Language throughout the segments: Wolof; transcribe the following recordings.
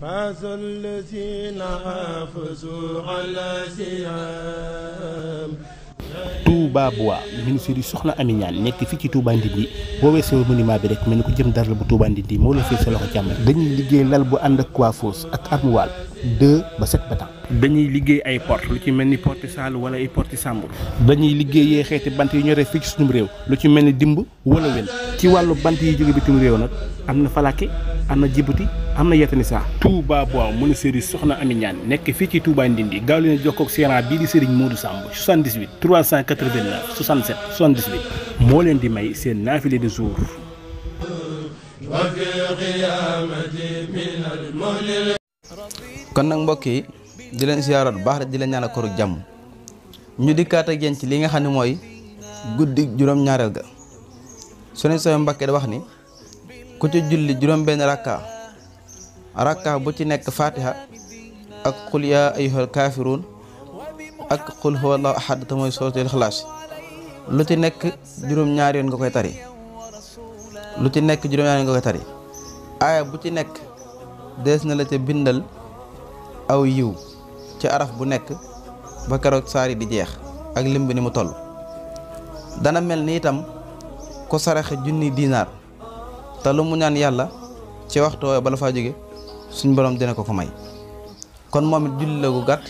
فاز الذين حافظوا على سيام Touba Bois ministère yi soxna Amy nekk fii ci Touba Ndindi ay porte lu ci mel ni porte saal wala ay porte sàmbur dañuy liggéeyee xeeti bant yi ñoree réew lu ci mel ni dimb wala wel ci wàllu yi jóge bitim réew na falake am na jibuti am na yettani saa Touba Bois ministère yi soxna Amy nekk fii ci Touba Ndindi gaaw leen jokkoog gérant bii di Serigne Modou Samb 78 380 99 67 78 moo du jour kon nag mbokk yi di leen baax rek di leen ñaanal koru jàmm ñu dikkaat ak yéen ci li nga xam ne mooy guddi juróom-ñaareel ga Sëriñ Sooy Mbàkke da wax ni ku ci julli juróom-benn rakka rakka bu ci nekk fatiha ak xul yaa kaafiruun ak xul huwallahu ahad te mooy sooratul ixlaas lu ci nekk juróom-ñaari yoon nga koy tari lu ci nekk juróom-ñaari yoon nga koy tari aaya bu ci nekk dees na la ca bindal aw yiw ci araf bu nekk ba keroog saari di jeex ak limb ni mu toll dana mel ni itam ku saraxe junni dinaar te lu mu ñaan yàlla ci waxtu bala faa jóge suñ borom dina ko ko may kon moom it julli la gu gàtt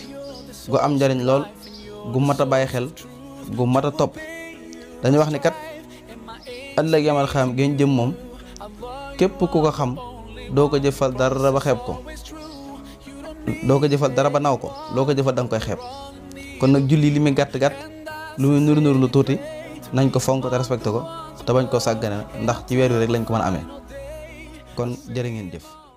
gu am njariñ lool gu mat a bàyyi xel gu mat a topp dañu wax ni kat ëllëg yamal xam geen jëm moom képp ku ko xam doo ko jëfal dara ba xeeb ko doo ko jëfal dara ba naw ko loo ko jëfal da koy xeeb kon nag julli li muy gàtt gàtt lu muy nuru nuru lu tuuti nañ ko fonk te respecté ko te bañ koo sàggane ndax ci weer wi rek lañ ko man a amee kon jërë ngeen jëf